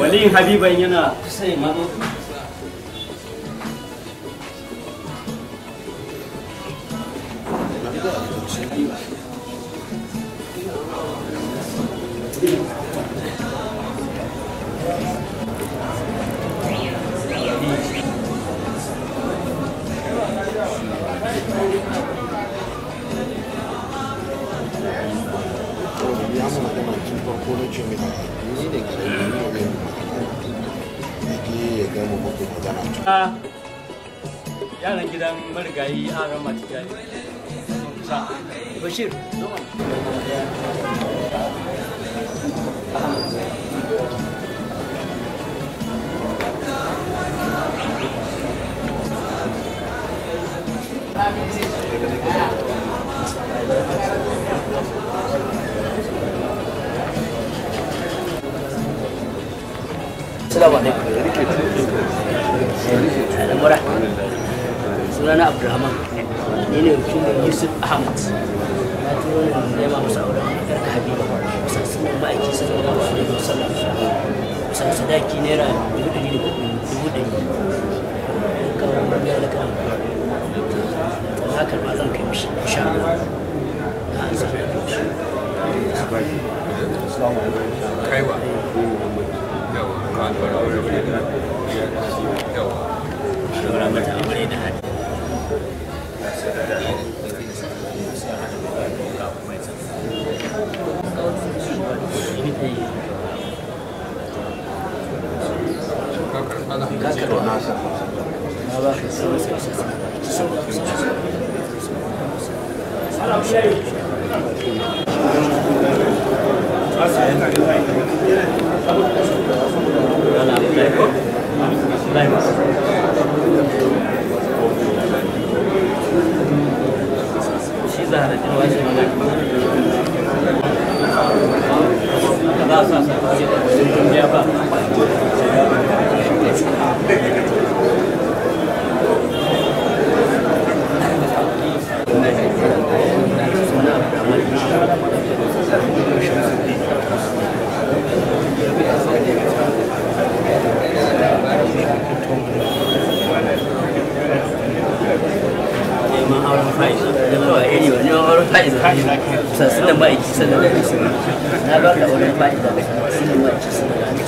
Walin Habib ainyana. Lah. Saya mana? yanan gidan marigayi a ran mati jari kusa bashir Selamat menikmati. al'amura sunana abdulrahman ni ne wakilin yusuf ahmad na turo ne nema masa auren yar habiba Musa sun yi ma'aiki sun zama wa Musa wasallam kusan sadaki naira dubu ɗari da dubu ɗari kawai murmiyar da kan haka ba zan kai mishi insha Allah na kaiwa warahmatullahi wabarakatuh Thank you. 其他的，另外一种呢？那是，那是，那是，那是。sannan ma'aiki sannan na ba ka wurin fa'ida sannan ma'aiki sannan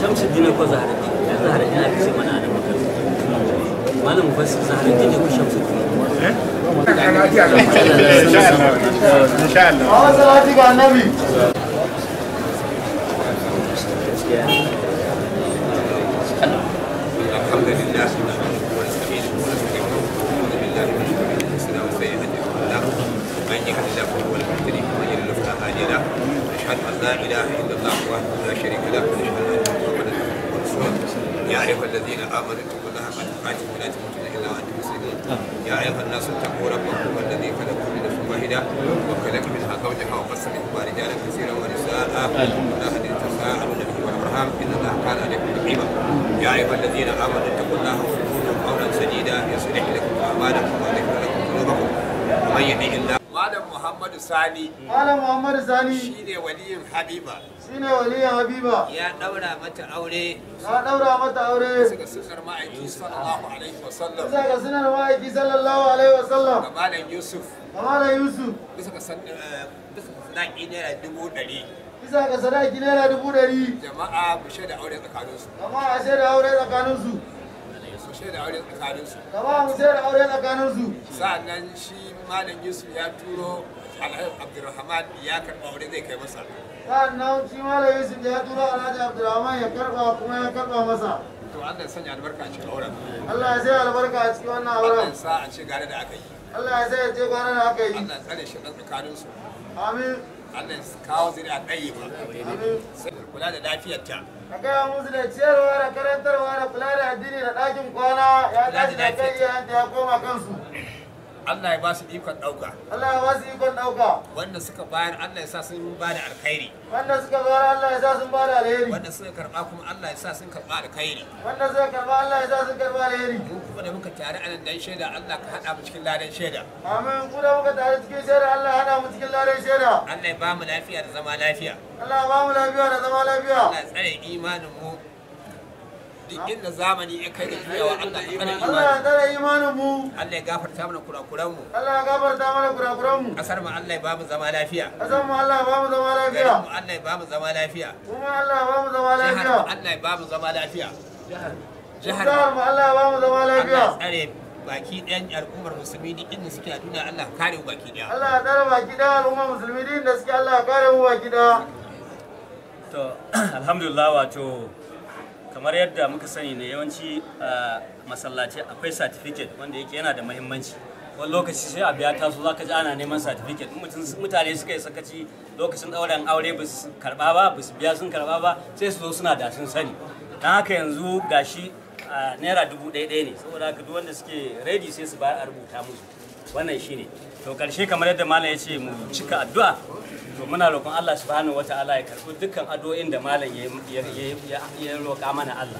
shamsuddin ko zahara ya zahara ina ka ce mana da makar malam mufassir zahara ne ko shamsuddin eh الذين امنوا اتقوا الله حق تقاته ولا تموتن الا وانتم مسلمون يا ايها الناس اتقوا ربكم الذي خلقكم من نفس واحده وخلق منها زوجها وقص منهما رجالا كثيرا ونساء الله الذي تساءلون به والارحام ان الله كان عليكم رقيبا يا ايها الذين امنوا اتقوا الله وقولوا قولا سديدا يصلح لكم اعمالكم ويغفر لكم ذنوبكم ومن يطع الله Malam Muhammadu Sani. Malam Muhammadu Sani. Shi ne waliyin Habiba. shine waliyan habiba ya daura mata aure ya daura mata aure suka sunar ma'aiki sallallahu alaihi wasallam bisa ga sunar ma'aiki sallallahu alaihi wasallam ga malam yusuf ga malam yusuf eh, bisa ga sadaki naira dubu ɗari bisa ga sadaki naira dubu ɗari jama'a ku shaida aure tsakaninsu jama'a shaida aure tsakaninsu mushe da aure tsakaninsu. Gaba mushe da aure tsakaninsu. Sa'annan shi Malam Yusuf ya turo Alhaji Abdulrahman ya karɓa aure zai kai masa. sannan shi malam yusuf ya tura alhaji abdurrahman ya karba kuma ya masa to Allah ya sanya albarka a cikin auren Allah ya albarka a cikin wannan auren a gare da aka yi Allah ya gare da yi amin kawo ɗaya ba kula da lafiyarta ka gaya musu da ciyarwa da karantarwa da kula da addini da ɗakin kwana ya tashi da kai ya koma kansu Allah ya ba su ikon ɗauka. Allah ya ba su ikon ɗauka. Wanda suka bayar Allah ya sa sun ba da alkhairi. Wanda suka bayar Allah ya sa sun ba da alheri. Wanda suka karɓa kuma Allah ya sa sun karɓa alkhairi. Wanda suka karɓa Allah ya sa sun karɓa alkhairi. Mu kuma da muka tare a nan dan shaida Allah ka haɗa mu cikin ladan shaida. Amin ku da muka tare cikin shaida Allah ya haɗa mu cikin ladan shaida. Allah ya ba mu lafiya da zama lafiya. Allah ya ba mu lafiya da zama lafiya. Allah ya tsare imanin mu duk inda zamani ya kai da juyawa Allah ya kare imani Allah ya kare imanin mu Allah ya gafarta mana kurakuran mu Allah ya gafarta mana kurakuran mu kasar mu Allah ya bamu zama lafiya kasar mu Allah ya ba zama lafiya mu Allah ya ba zama lafiya kuma Allah ya ba zama lafiya Allah ya ba zama lafiya jihar mu Allah ya ba zama lafiya Allah ya tsare baki ɗayan al'ummar musulmi duk inda suke a duniya Allah ya kare mu baki ɗaya. Allah ya kare baki ɗaya al'ummar musulmi duk inda suke Allah ya kare mu baki ɗaya. To alhamdulillah wato kamar yadda muka sani ne yawanci a masallaci akwai certificate wanda yake yana da mahimmanci wani lokaci sai a biya taso za ka ji ana neman certificate mutane suka yi sakaci lokacin ɗauren aure ba su karɓa ba ba su biya sun karɓa ba sai su zo suna da sun sani don haka yanzu gashi a naira dubu ɗaya ɗaya ne saboda haka duk wanda suke ready sai su bayar a rubuta musu wannan shine to karshe kamar yadda malam ya ce mu cika addu'a to muna roƙon Allah subhanahu wa ta'ala ya karɓi dukkan addu'o'in da malam ya roƙa mana Allah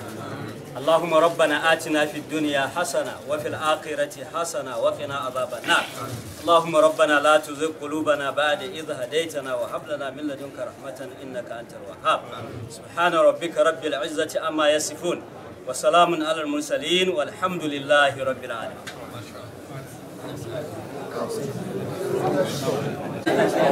Allahumma rabbana atina fid dunya hasana wa fil akhirati hasana wa qina a nar Allahumma rabbana la bana qulubana da idh hadaytana wa hab lana min ladunka rahmatan innaka antal wahhab subhana rabbika rabbil izzati amma yasifun wa salamun alal mursalin walhamdulillahi rabbil alamin Malam.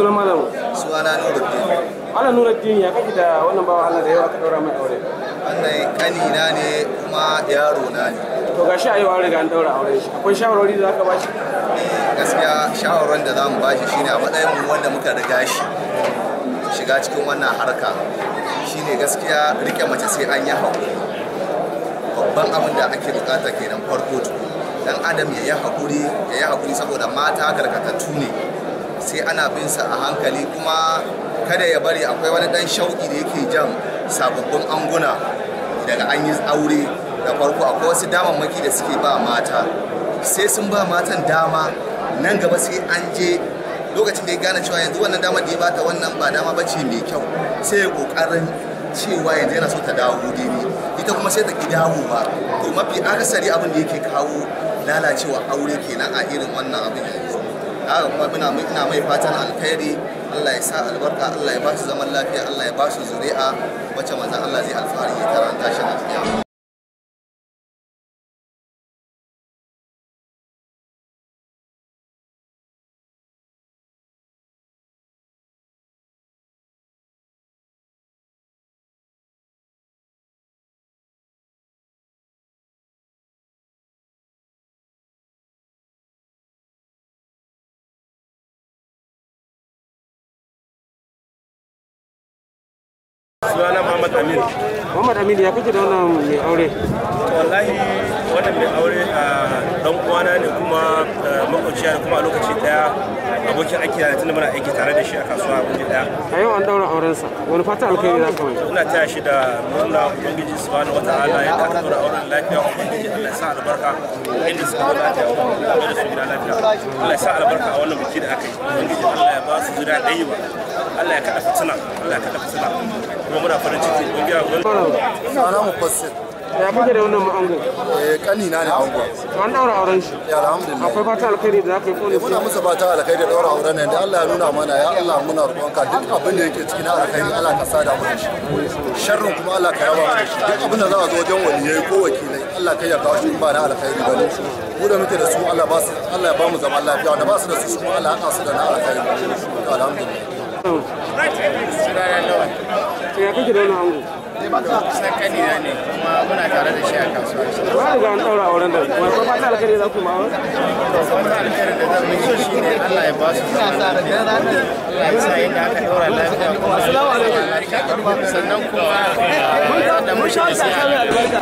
malamu suna nuruddin ala nuruddin ya kai da wannan bawa Allah da yau aka daura mai aure wannan kanina ne kuma yaro na ne to gashi shi ayewa riga an daura aure shi akwai shawarwari da zaka bashi eh, gaskiya shawarwarin da zamu bashi shine a matsayin mu wanda muka riga shi shiga cikin wannan harka shine gaskiya rike mace sai an yi babban abin da ake bukata kenan farko tuku dan adam ya yi haƙuri ya yi haƙuri saboda mata karkatattu ne sai ana bin sa a hankali kuma kada ya bari akwai wani dan shauki da yake jan sababbin anguna daga an yi aure da farko akwai wasu damammaki da suke ba mata sai sun ba matan dama nan gaba sai an je lokacin da ya gane cewa yanzu wannan dama da ya bata wannan ba dama ba ce mai kyau sai ya kokarin cewa yanzu yana so ta dawo daidai ita kuma sai ta ki dawowa to mafi akasari abin da yake kawo lalacewa aure kenan a irin wannan abin yanzu haka kuma muna ina mai fatan alkhairi Allah ya sa albarka Allah ya ba su zaman lafiya Allah ya ba su zuri'a wacce manzon Allah zai alfahari ya taranta shi a sunana Muhammad Amin. Muhammad Amin ya kake da wannan mai aure? Wallahi wannan mai aure a dan uwana ne kuma makwabciya kuma a lokaci daya abokin aiki da tunda muna aiki tare da shi a kasuwa a daya. A yau an daura auren sa. Wani fata alkhairi za ka mai? Ina taya shi da murna ubangiji subhanahu wataala ya aka daura auren lafiya ubangiji Allah ya sa albarka inda suka zo lafiya ubangiji da su gida lafiya. Allah ya sa albarka a wannan biki da aka yi. Ubangiji Allah ya ba su zuriya ɗaya ba. Allah ya kaɗa fitina. Allah ya kaɗa fitina. kuma muna farin ciki biya gwal sana mu ya da wannan ma'ango eh ne ango an daura auren shi ya alhamdulillah akwai fata alkhairi da zaka yi kone eh, muna musu fata alkhairi da daura auren nan da Allah ya nuna mana ya Allah muna roƙonka duk abin da yake cikin alkhairi Allah ka sada mu shi kuma Allah ka yaba mana duk abin da za a zo wajen waliyai ko wakilai Allah kai ya shi ba na alkhairi bane mu da muke da su Allah ba su Allah ya ba mu zaman lafiya da ba su da su kuma Allah ya su da na alkhairi alhamdulillah ya kake da wani ango kusan kani na ne kuma muna tare da shi a kasuwa ba riga an daura auren da wani kuma fata za ku ma wani fata da zan shi ne Allah ya ba su Allah ya sa aka daura lafiya kuma sannan kuma mun sha albarka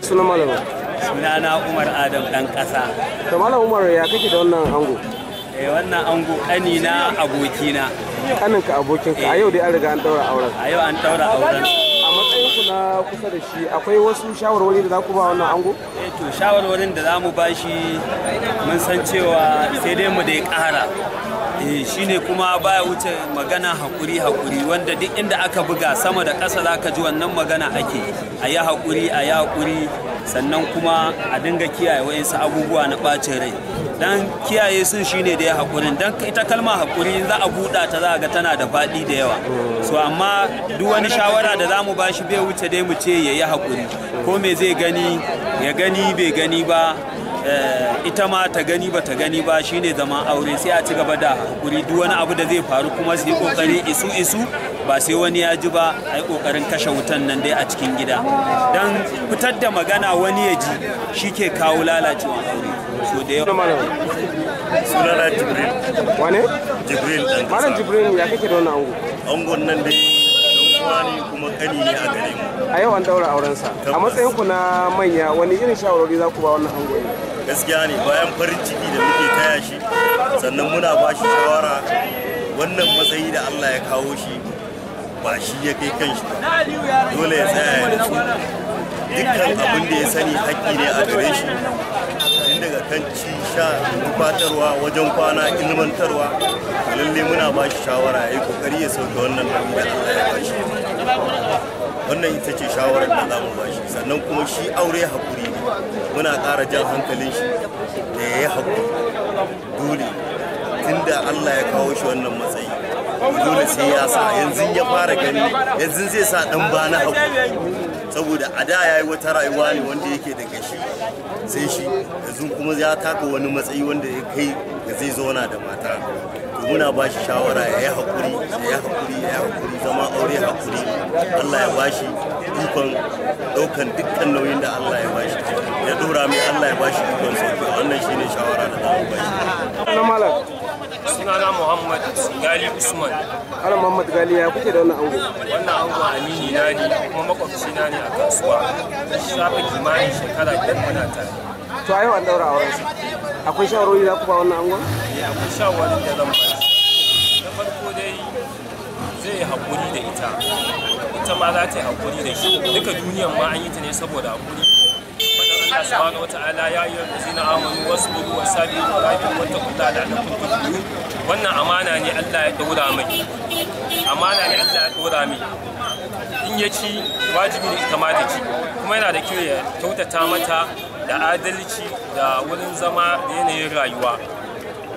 suna malama na umar adam dan kasa to malam umar ya kake da wannan ango eh wannan ango kani na abokina kanin ka abokin ka a eh. yau dai an riga an daura auren a yau an daura auren a matsayin ku na kusa da shi akwai wasu shawarwari da za ku ba wannan ango eh to shawarwarin da za mu ba shi mun san cewa sai dai mu dai ƙara Eh, shine kuma baya wuce magana hakuri hakuri wanda duk inda aka buga sama da ƙasa zaka ji wannan magana ake a yi hakuri a yi hakuri sannan kuma a dinga kiyaye wayansu abubuwa na ɓacin rai dan kiyaye sun shine da ya hakurin dan ita kalma hakuri za a buɗa ta za ga tana da faɗi da yawa so amma duk wani shawara da zamu bashi bai wuce dai mu ce ya yi hakuri ko me zai gani ya gani bai gani ba Eh, ita ma ta gani ba ta gani ba shine zaman aure sai a ci gaba da hakuri duk wani abu da zai faru kuma su yi kokari isu isu ba sai wani ya ji ba a yi kokarin kashe wutan nan dai a cikin gida don fitar da magana wani ya ji shi ke kawo lalacewa aure so da yawa sunana jibril wane jibril dan malam jibril ya kake da wannan ango angon nan dai wani kuma kani ne a gare mu a yau an daura aurensa a matsayin ku na manya wani irin shawarwari za ku ba wannan angon ne gaskiya ne bayan farin ciki da muke kaya shi sannan muna ba shi shawara wannan matsayi da allah ya kawo shi ba shi ya kai kan shi dole ya tsaya ya nutsu dukkan abin da ya sani haƙƙi ne a gare shi tun daga kan ci sha nufatarwa wajen kwana ilmantarwa lalle muna ba shi shawara ya yi kokari ya sauke wannan nauyi da allah ya shi wannan ita ce shawarar da zamu ba shi sannan kuma shi aure hakuri ne muna ƙara jan hankalin shi da ya yi hakuri dole tunda Allah ya kawo shi wannan matsayi dole sai ya sa yanzu ya fara gani yanzu zai sa dan bana hakuri saboda a da ya yi wata rayuwa ne wanda yake da gashi sai shi yanzu kuma ya taka wani matsayi wanda ya kai da zai zauna da mata muna ba shi shawara ya yi haƙuri ya yi haƙuri ya yi haƙuri zama aure haƙuri Allah ya bashi ikon ɗaukan dukkan nauyin da Allah ya bashi ya ɗora mai Allah ya bashi ikon sauki wannan shine shawara da za mu bashi. Sunana Muhammad Gali Usman. Ana Muhammad Gali ya kuke da wannan ango? Wannan ango amini na ne kuma makwabci na ne a kasuwa. Shafi kimanin shekara biyar muna tare. To a yau an daura aurensa. Akwai shawarori za ku ba wannan angon? Eh, akwai shawarori da zan ba zai haƙuri da ita ita ma za ta yi haƙuri da shi duka duniyan ma an yi ta ne saboda haƙuri Allah subhanahu wata'ala ya yi wanda zina amanu wasu bugu wa sabi wa rabi wata kula da na wannan amana ne Allah ya ɗora mai amana ne Allah ya ɗora mai in ya ci wajibi ne ita ma ta ci kuma yana da kyau ya kyautata mata da adalci da wurin zama da yanayin rayuwa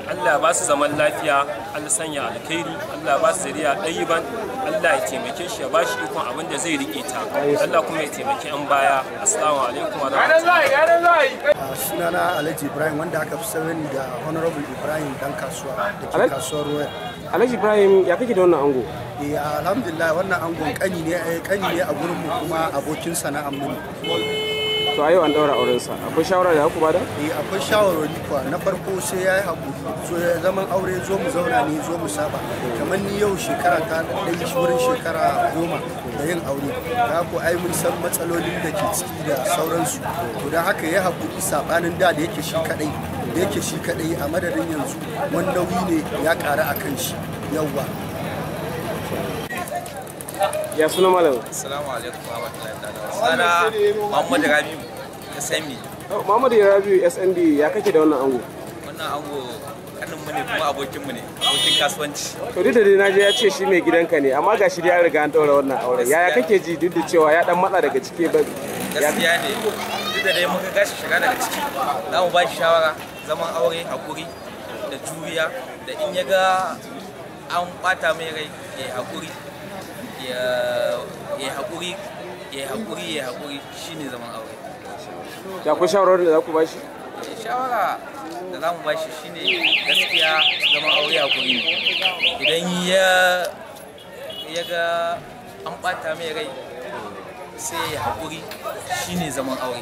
Allah ba su zaman lafiya Allah sanya alkhairi Allah ba su zuriya ɗayiban Allah ya taimake shi ya ba shi ikon abin da zai rike ta Allah kuma ya taimake an baya assalamu alaikum wa rahmatullahi sunana Alhaji Ibrahim wanda aka fi sani da Honorable Ibrahim dan kasuwa da ke kasuwar Royal Alhaji Ibrahim ya kake da wannan ango eh alhamdulillah wannan angon kani ne kani eh, ne a gurin mu kuma abokin sana'ar mu to a yau an daura auren sa akwai shawara da ku bada eh akwai shawarwari kuwa na farko sai yayi hakuri so zaman aure zo mu zauna ne zo mu saba kamar ni yau shekara ta dai wurin shekara goma da yin aure ka ku ai mun san matsalolin da ke ciki da sauransu to dan haka yayi hakuri sabanin da da yake shi kadai da yake shi kadai a madadin yanzu wanda nauyi ne ya ƙara a shi yawwa ya suna malam assalamu alaikum wa rahmatullahi wa barakatuh sana muhammad rabiu SMB. Oh, Muhammadu Rabiu snd ya kake da wannan ango? Wannan ango kaninmu ne kuma abokinmu ne, abokin kasuwanci. To duk da dai naje ya ce shi mai gidanka ne, amma ga shi dai an riga an daura wannan auren. Yaya kake ji duk da cewa ya dan matsa daga ciki ba? Gaskiya ne, duk da dai muka gashi shiga daga ciki, za mu ba shi shawara zaman aure hakuri da juriya da in ya ga an bata mai rai ya hakuri ya hakuri ya hakuri ya hakuri shine zaman aure. ya ku shawarar da za ku bashi eh, shawara da za mu bashi shine gaskiya zama aure a kuri idan ya ya ga an bata mai rai sai ya haƙuri shine zaman aure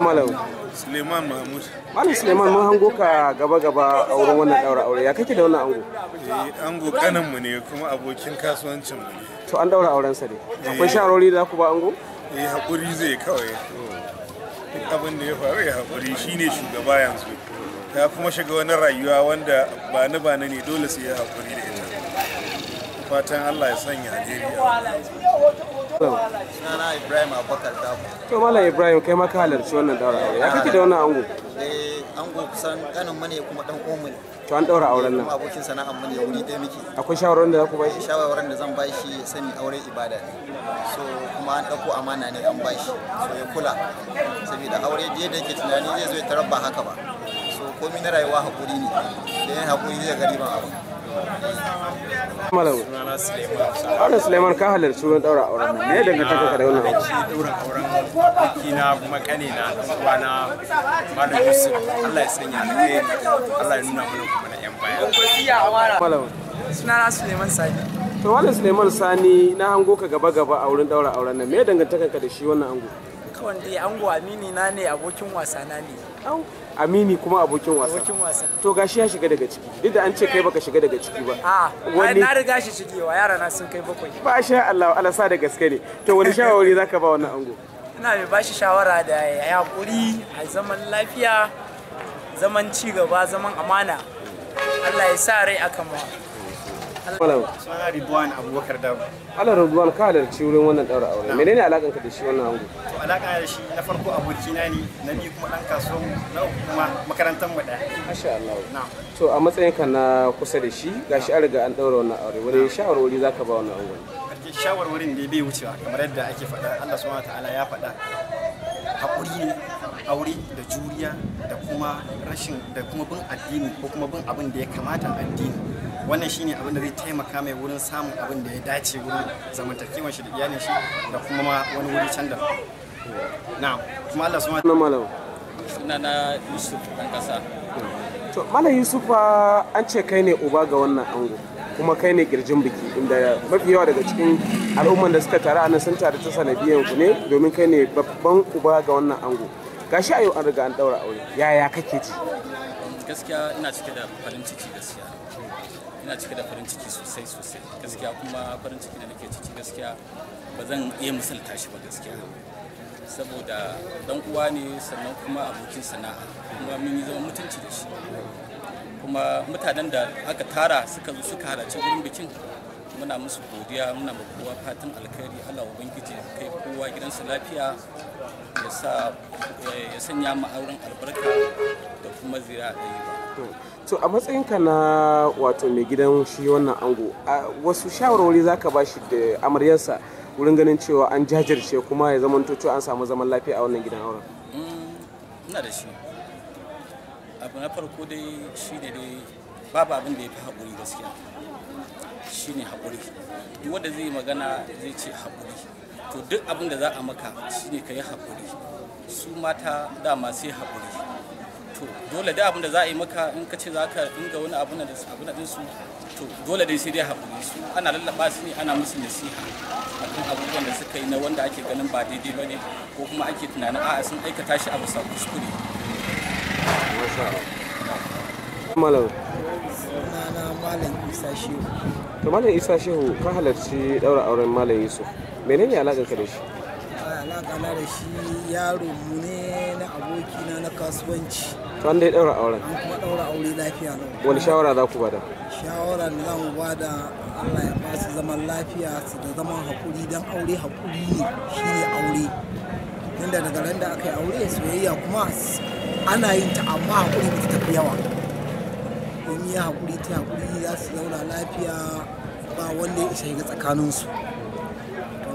malam suleiman mahmud malam suleiman mun hango ka gaba gaba a wurin wannan daura aure ya kake da wannan ango eh ango kanan mu ne kuma abokin kasuwancin mu ne to an daura auren sa ne akwai shawarori da ku ba ango eh haƙuri zai kawai abin da ya faru ya haƙuri shine shugaba yanzu ya kuma shiga wani rayuwa wanda ba ni ba ne dole sai ya haƙuri da ita fatan Allah ya sanya alheri Sunana Ibrahim Abubakar Dabo. To Malam Ibrahim kai maka halarci wannan daura Ya kake da wani ango? Eh ango kusan kanin mu ne kuma dan uwan ne to an daura auren nan abokin sana'an mu ne wuri ɗaya muke akwai shawarwarin da za ku bashi da zan bashi shi sani aure ibada ne so kuma an ɗauko amana ne an bashi so ya kula saboda aure da yake tunani zai zo ya tarar ba haka ba so komai na rayuwa hakuri ne da yin haƙuri zai ga abu Malam. Auren Suleiman ka halarci wurin daura auren nan. ne daga ka da wannan aure? Daura auren biki na kuma kane na kuma na Malam Yusuf. Allah ya sanya ni kai. Allah ya nuna mana kuma na yan baya. suna na Suleiman Sani. To Malam Suleiman Sani na hango ka gaba gaba a wurin daura auren nan. Me dangantaka ka da shi wannan ango? Kawai dai ango amini na ne abokin wasa na ne. amini kuma abokin wasa to gashi ya shiga daga ciki duk da an ce kai baka shiga daga ciki ba a ah, wani na riga shi shigewa yara na sun kai bakwai ba sha Allah Allah sa da gaske ne to wani shawari zaka ba wannan ango ina mai bashi shawara da ya kuri a zaman lafiya zaman ci gaba zaman amana Allah ya sa rai akan Suna Ridwan Abubakar Dabu. Ala Ridwan ka halarci wurin wannan daura aure. Menene alakan ka da shi wannan ango? To alaka da shi na farko abokina ne, na biyu kuma ɗan kasuwan na uku kuma makarantar mu ɗaya. Masha Allah. To a matsayin ka na kusa da shi gashi an riga an daura wannan aure. Wani shawarwari zaka ba wannan ango? Shawarwarin da bai wucewa kamar yadda ake faɗa Allah subhanahu ta'ala ya faɗa. Haƙuri ne aure da juriya da kuma rashin da kuma bin addini ko kuma bin abin da ya kamata addini wannan shine abin da zai taimaka mai wurin samun abin da ya dace wurin zamantakewar shi da iyalin shi da kuma ma wani wuri can da na kuma Allah su ma malam suna na Yusuf dan kasa to malam Yusufa an ce kai ne uba ga wannan ango kuma kai ne girjin biki inda mafi yawa daga cikin al'umman da suka taru a nan sun taru ta sanadiyan ku ne domin kai ne babban uba ga wannan ango gashi a yau an riga an daura aure yaya kake ji gaskiya ina cike da farin ciki gaskiya ina cike da farin ciki sosai sosai gaskiya kuma farin ciki da nake ciki gaskiya ba zan iya misalta shi ba gaskiya saboda dan uwa ne sannan kuma abokin sana'a kuma mun yi zama mutunci da shi kuma mutanen da aka tara suka zo suka halarci wurin bikin muna musu godiya muna ma kowa fatan alkhairi Allah ubangiji kai kowa gidansa lafiya ya eh, sanya mu auren albarka da kuma zira ɗaya ba to a matsayinka na wato mai gidan shi wannan ango wasu shawarwari za ka bashi da amaryarsa wurin ganin cewa an jajirce kuma ya zama cewa an samu zaman lafiya a wannan gidan auren mm, ina da shi abu na farko dai shi da dai babu abin da ya fi haƙuri gaskiya shi ne haƙuri duk wanda zai magana zai ce haƙuri to duk abin da za a maka shi ne ka yi haƙuri su mata dama sai haƙuri to dole da abin da za a yi maka in ka ce za ka dinga wani abin da abin da su to dole dai sai dai haƙuri su ana lallaba su ne ana musu nasiha akan abubuwan da suka yi na wanda ake ganin ba daidai ba ne ko kuma ake tunanin a'a sun aikata shi a bisa kuskure. Malam. Sunana Malam Isa Shehu. To Malam Isa Shehu ka halarci ɗaura auren Malam Yusuf. Menene ka da shi? Alaƙa na da shi yaro mu ne na abokina na kasuwanci. kan an dai daura auren kuma daura aure lafiya lau wani shawara za ku bada shawara ne za mu bada Allah ya ba su zaman lafiya su da zaman hakuri dan aure hakuri ne shi ne aure tunda daga ran da aka yi aure soyayya kuma ana yin ta amma hakuri ba ta tafi yawa in ya hakuri ta hakuri za su zauna lafiya ba wanda ya isa shiga tsakaninsu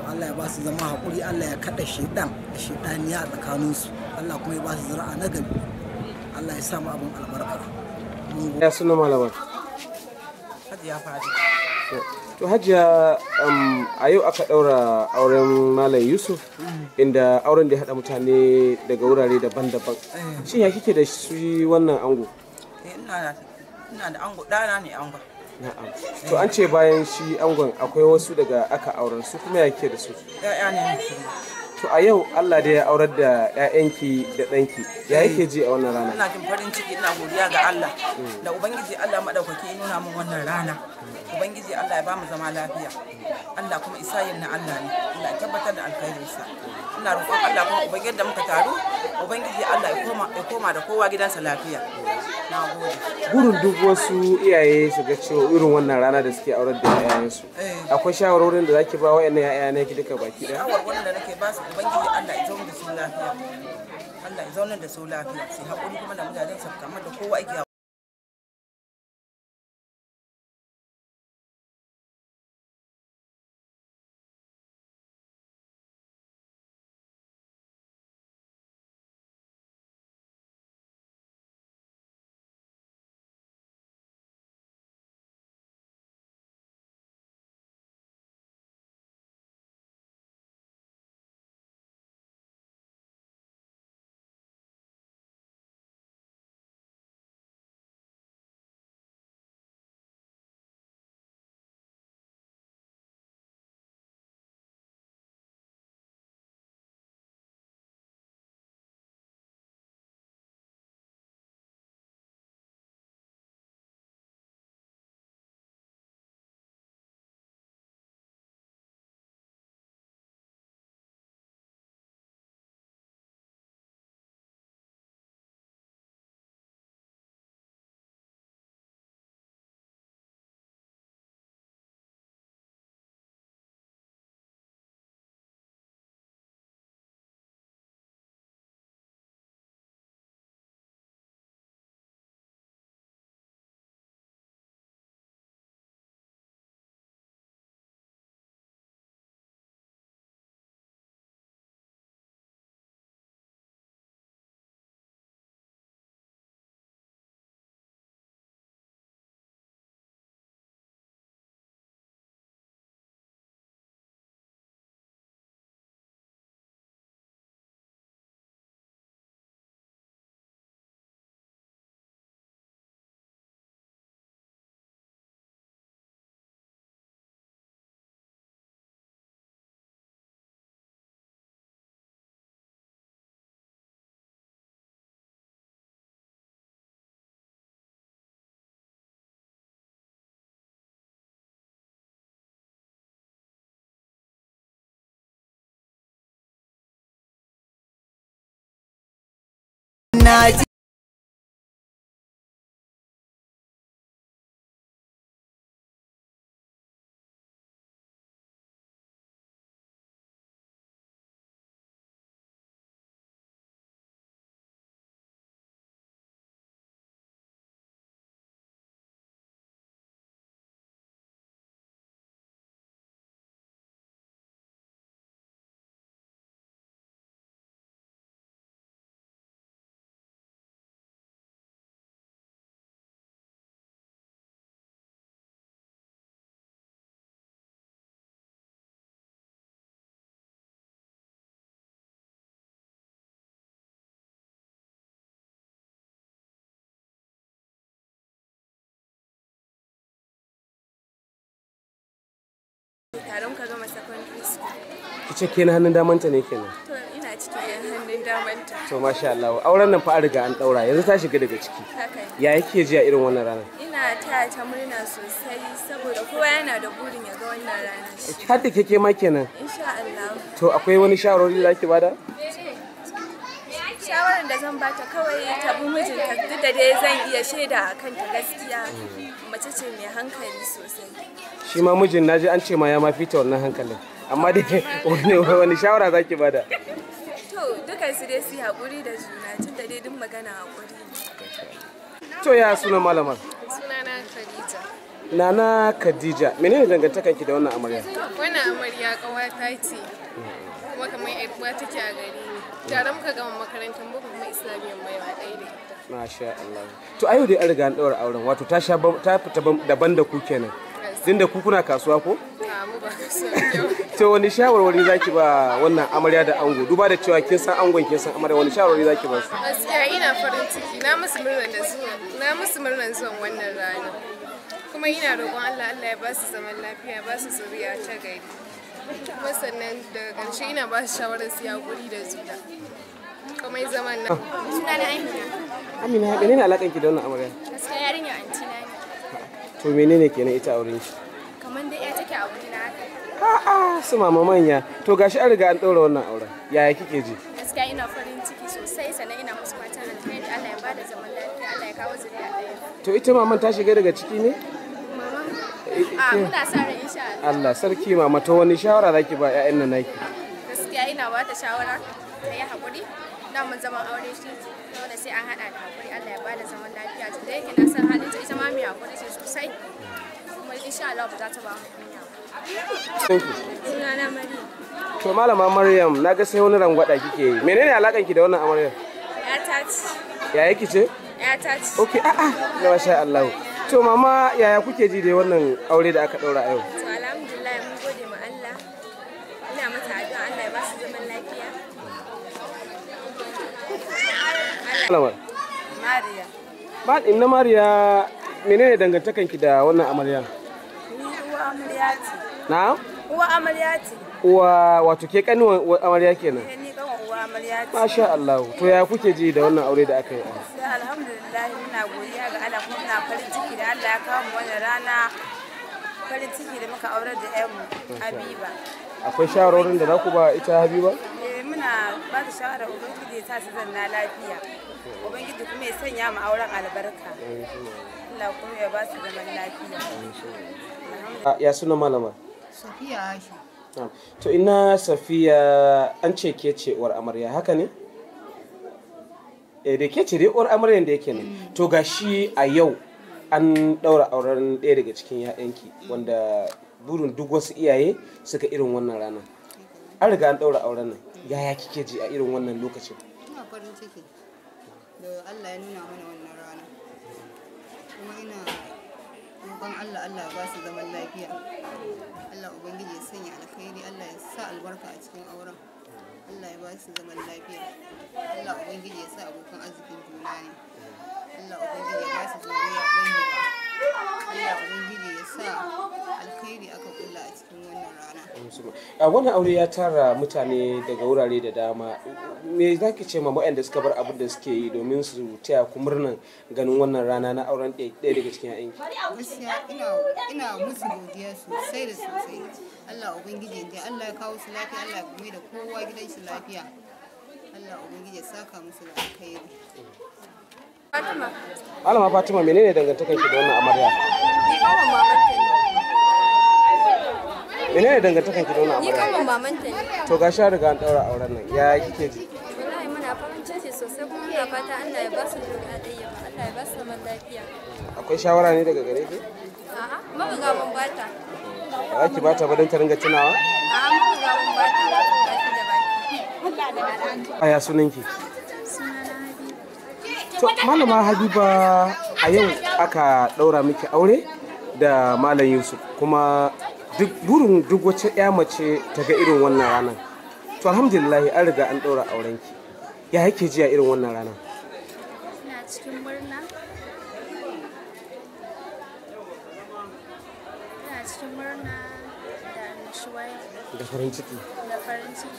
Allah ya ba su zama haƙuri Allah ya kaɗa shaidan da shaidaniya a tsakaninsu Allah kuma ya ba su zara'a na gari Allah ya samu abin albarka ya suna malamar. hajiya fadi to hajiya um, a yau aka daura auren malam yusuf inda auren da ya haɗa mutane daga wurare daban-daban eh. shin ya kike da shi wannan ango eh, ina da ango ɗana ne ango Na'am. Eh. To an ce bayan shi angon akwai wasu daga aka auren su kuma ya ke da su. Ya'ya ne. to a yau Allah da ya aurar da 'ya'yanki da ɗanki ya eh. yake ji a wannan rana ina jin farin ciki ina godiya ga Allah hmm. da ubangiji Allah madaukaki ya nuna min wannan rana ubangiji Allah ya bamu zama lafiya Allah kuma isa na Allah ne ina tabbatar da alkhairinsa ina roƙon Allah kuma ubangiji da muka taru ubangiji Allah ya koma da kowa gidansa lafiya burin duk wasu iyaye su ga cewa irin wannan rana da suke aurar da yayansu akwai shawarorin da zaki ba wa'annan yaya na ki duka baki da shawarorin da nake ba su ubangi Allah ya zauna da su lafiya Allah ya zauna da su lafiya sai hakuri kuma da mutanen sa kamar da kowa yake na taron ka gama secondary school ki kenan hannun damanta ne kenan to ina cikin yan hannun damanta to masha Allah auren nan fa an riga an daura yanzu ta shiga daga ciki ya yake ji a irin wannan ranar ina ta ta murna sosai saboda kowa yana da burin ya ga wannan ranar har da keke ma kenan insha Allah to akwai wani shawarwari da ki bada shawaran da zan bata kawai ta bi mijinta duk da dai zan iya shaida a kanta gaskiya mm. mace ce mai hankali sosai shi ma mijin naji an ce ma ya mafi ta wannan hankalin amma dai wani wani shawara zaki bada to dukkan su dai su haƙuri da juna tun da dai duk magana haƙuri to ya suna malamar sunana Khadija Nana Khadija menene dangantakar ki da wannan amarya wannan amarya kawata ce kuma kamar yar uwa take a gari tare muka gama makarantar boko kuma islamiyyar mai ba dai da masha Allah to ayo dai an riga an daura auren wato ta sha ta fita daban da ku kenan tunda ku kuna kasuwa ko to wani shawarwari zaki ba wannan amarya da ango duba da cewa kin san angon kin san amarya wani shawarwari zaki ba su gaskiya ina farin ciki na musu murnar da zuwa na musu murnan zuwan wannan rana kuma ina roƙon Allah Allah ya ba su zaman lafiya ba su zuriya ta gari kuma sannan daga ƙarshe ina ba su shawarar su ya guri da zuwa kuma zaman nan sunana Amina Amina ya ne alaƙanki da wannan amarya gaskiya yarinya antina to menene kenan ita auren shi kamar da ya take a wuri na haka a'a su mama manya to gashi an riga an dora wannan auren yaya kike ji gaskiya ina farin ciki sosai sannan ina musu fatan alheri Allah ya bada zaman lafiya Allah ya kawo zuriya ɗaya to ita maman ta shiga daga ciki ne eh, a muna sa ran insha Allah Allah sarki mama to wani shawara zaki ba ƴaƴan nan naki gaskiya ina ba ta shawara ta yi hakuri, da mun zaman aure shi dole sai an haɗa da zama mai hakuri ce sosai kuma insha Allah ba za ta ba mu kunya thank you sunana Maryam to malama Maryam na ga sai wani rangwada kike yi menene alakan ki da wannan amaryar ya ta ce ya yake ce ya ta ce okay a'a ah, ah, na masha Allah to mama yaya kuke ji da wannan aure da aka daura yau to alhamdulillah mun gode ma Allah ina mata addu'a Allah ya ba su zaman lafiya Maryam. Ba inna Maria menene dangantakan ki da wannan amarya ni uwa amarya ce na uwa amarya ce uwa wato ke kanuwan amarya kenan eh, ni kan uwa amarya ce masha Allah to ya kuke ji da wannan aure da aka yi sai alhamdulillah ina godiya ga Allah kuma ina farin ciki da Allah ya kawo mu wannan rana farin ciki da muka aure da ƴanmu Habiba akwai shawarorin da za ku ba ita Habiba Eh muna ba ta shawara ubangiji ya sa su zanna lafiya ubangiji kuma ya sanya mu auren albarka eh, Allah ya ba su zaman lafiya ya suna malama safiya Aisha. to ina safiya an ce ke ce uwar amarya haka ne eh, da ke ce dai uwar amaryan da yake ne mm. to gashi a yau an ɗaura auren ɗaya daga cikin 'ya'yanki mm. wanda burin duk wasu iyaye suka irin wannan ranar an riga an ɗaura auren nan yaya kike ji a irin wannan lokacin ina farin ciki da Allah ya nuna mana wannan rana kuma ina roƙon Allah Allah ba su zaman lafiya Allah ubangiji ya sanya alkhairi Allah ya sa albarka a cikin auren Allah ya ba su zaman lafiya Allah ubangiji ya sa abokan arzikin juna ne Allah ubangiji ya ba su zuriya ɗan a wannan aure ya tara mutane daga wurare da dama me za ki ce ma da suka bar abin da suke yi domin su taya ku murnan ganin wannan rana na auren ɗaya daga cikin yanki ki ina musu godiya sosai da sosai Allah ubangiji da Allah ya kawo su lafiya Allah ya da kowa gidan su lafiya Allah ubangiji ya saka musu da alkhairi Fatima. Malama Fatima menene dangantakar ki da wannan amarya? Menene dangantakar ki da wannan amarya? Ni kaman mamanta ne. To ga sha riga an daura auren nan. Ya kike ji? Wallahi muna farin ciki sosai kuma muna fata Allah ya ba su zuriya ɗaya ba. Allah ya ba su zaman lafiya. Akwai shawara ne daga gare ki? A'a, ga mun bata. Ba ki bata ba dan ta ringa tunawa? A'a, ga mun bata. Ba ki da baki. Aya sunan ki? To malama Habiba a yau aka ɗaura miki aure da Malam Yusuf kuma duk burin duk wacce ya mace ta ga irin wannan ranar. To alhamdulillah an riga an ɗaura aurenki. Ya yake ji a irin wannan ranar? Ina cikin murna. Ina cikin murna da annashuwa. Da farin ciki. Da farin ciki.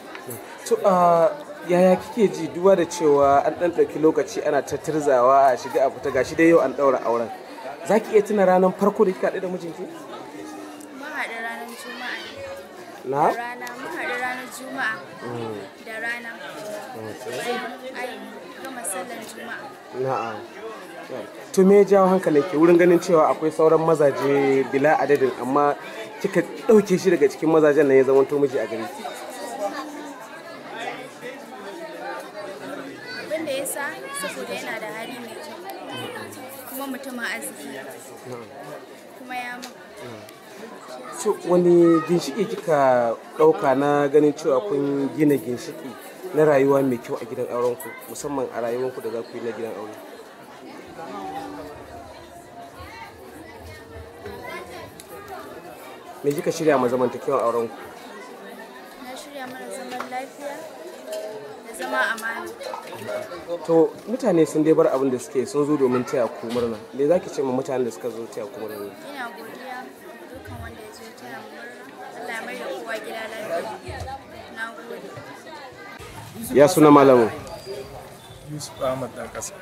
To ah, yaya kike ji duba da cewa an ɗan ɗauki lokaci ana ta tirzawa a shiga a fita gashi dai yau an ɗaura auren za ki iya tuna ranar farko da kika haɗu da mijinki? mahaɗa ranar juma'a na? rana mahaɗa ranar juma'a da rana ai gama sallar juma'a Na'a. to me jawo hankalin ki wurin ganin cewa akwai sauran mazaje bila adadin amma kika ɗauke shi daga cikin mazajen nan ya zama to miji a gari. azumi kuma ya so wani ginshiki kika ɗauka na ganin cewa kun gina ginshiki na rayuwa mai kyau a gidan aurenku musamman a rayuwanku da za ku yi na gidan aure me kika shirya ma a aurenku zama amana to mutane sun dai bar abin da suke sun zo domin taya ku murna me zaki ce ma mutanen da suka zo taya ku murna ina godiya dukkan wanda ya zo taya mu Allah ya mai da kowa gida lafiya na gode ya suna malamu Yusuf Ahmad da kasa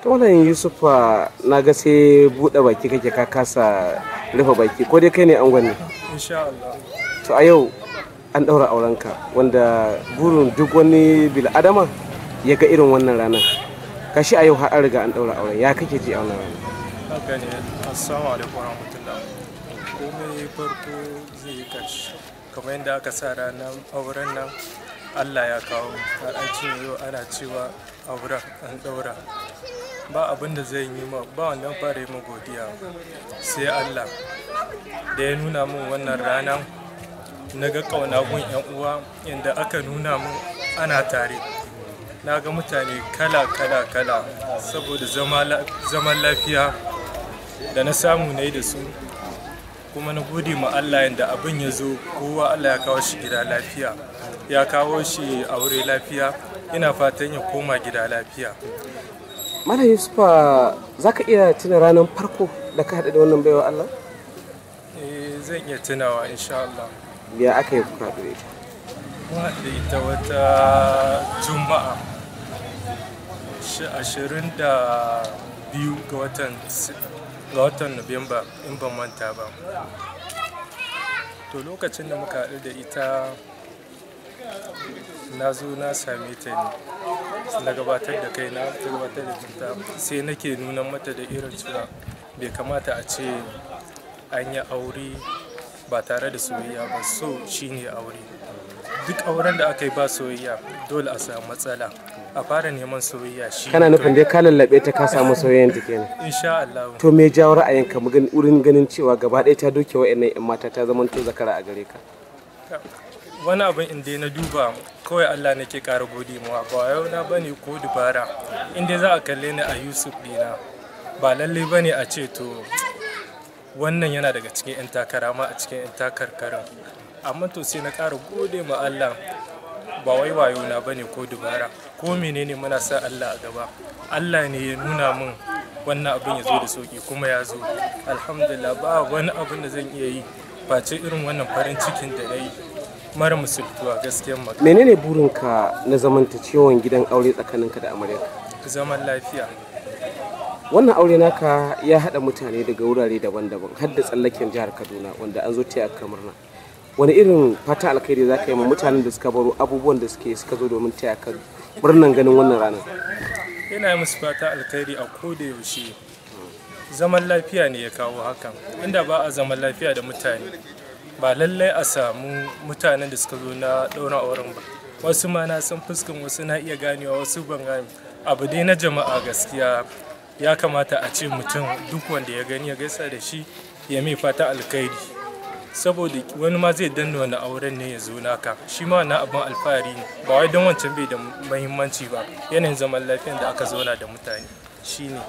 to wannan Yusuf ah, na ga sai bude baki kake ka kasa rufe baki ko dai kai ne angon ne insha Allah to a yau an ɗaura aurenka wanda burin duk wani bil'adama ya ga irin wannan ranar shi a yau har an riga an ɗaura auren ya kake ji a wannan ranar assalamu alaikum farko zai yi kamar yadda aka sa ranar auren nan allah ya kawo har an ce yau ana cewa auren an ɗaura ba abin da zai yi ma ba wannan fara yi ma godiya sai allah da ya nuna min wannan ranar na ga ƙauna gun 'yan uwa inda aka nuna mu ana tare na ga mutane kala-kala-kala saboda zaman lafiya da na samu na yi da su kuma na gode ma Allah yadda abin ya zo kowa Allah ya kawo shi gida lafiya ya kawo shi aure lafiya ina fatan ya koma gida lafiya Mala Yusufa za ka iya tuna ranar farko da ka haɗu da wannan baiwa Allah? Eh zan iya tunawa insha Allah. biya aka yi kuka da ita ita wata juma'a ashirin ga watan ga watan in ban manta ba. To lokacin da muka haɗu da ita na zo na same ta ne na gabatar da kaina na gabatar da jinta sai nake nuna mata da irin cewa bai kamata a ce an yi aure ba tare da soyayya ba so shine aure duk auren da aka yi ba soyayya dole a samu matsala a fara neman soyayya shi kana nufin dai ka lallabe ta ka samu soyayyan ta kenan insha Allah to me jawo ra'ayinka wurin ganin cewa gaba ɗaya ta doke wa'annan yan mata ta zama to zakara a gare ka wani abin inda na duba kawai Allah nake ƙara gode mawa ba yau na bane ko dubara inda za a kalle ni a Yusuf dina ba lalle bane a ce to wannan yana daga cikin 'yan takara ma a cikin 'yan takarkarin amma to sai na ƙara gode ma Allah ba wai wayo na bane ko dubara ko menene muna sa Allah a gaba Allah ne ya nuna min wannan abin ya zo da sauki kuma ya zo alhamdulillah ba wani abin da zan iya yi face irin wannan farin cikin da na yi mara musultuwa gaskiyar magana menene burinka na zamantacewan gidan aure tsakaninka da amaryarka zaman lafiya wannan aure naka ya haɗa mutane daga wurare daban-daban har da tsallaken jihar kaduna wanda an zo ta ka murna wani irin fata alkhairi za ka yi ma mutanen da suka baro abubuwan da suke suka zo domin taya ka murnan ganin wannan ranar yana yi musu fata alkhairi a koda yaushe zaman lafiya ne ya kawo hakan inda ba a zaman lafiya da mutane ba lallai a samu mutanen da suka zo na auren ba wasu ma na san fuskan wasu na iya ganewa wasu ban abu dai na jama'a gaskiya ya kamata a ce mutum duk wanda ya gani ya gaisa da shi ya mai fata alkhairi saboda wani ma zai danna wani auren ne ya zo naka shi ma na abin alfahari ne ba wai don wancan bai da muhimmanci ba yanayin zaman lafiyan da aka zauna da mutane shine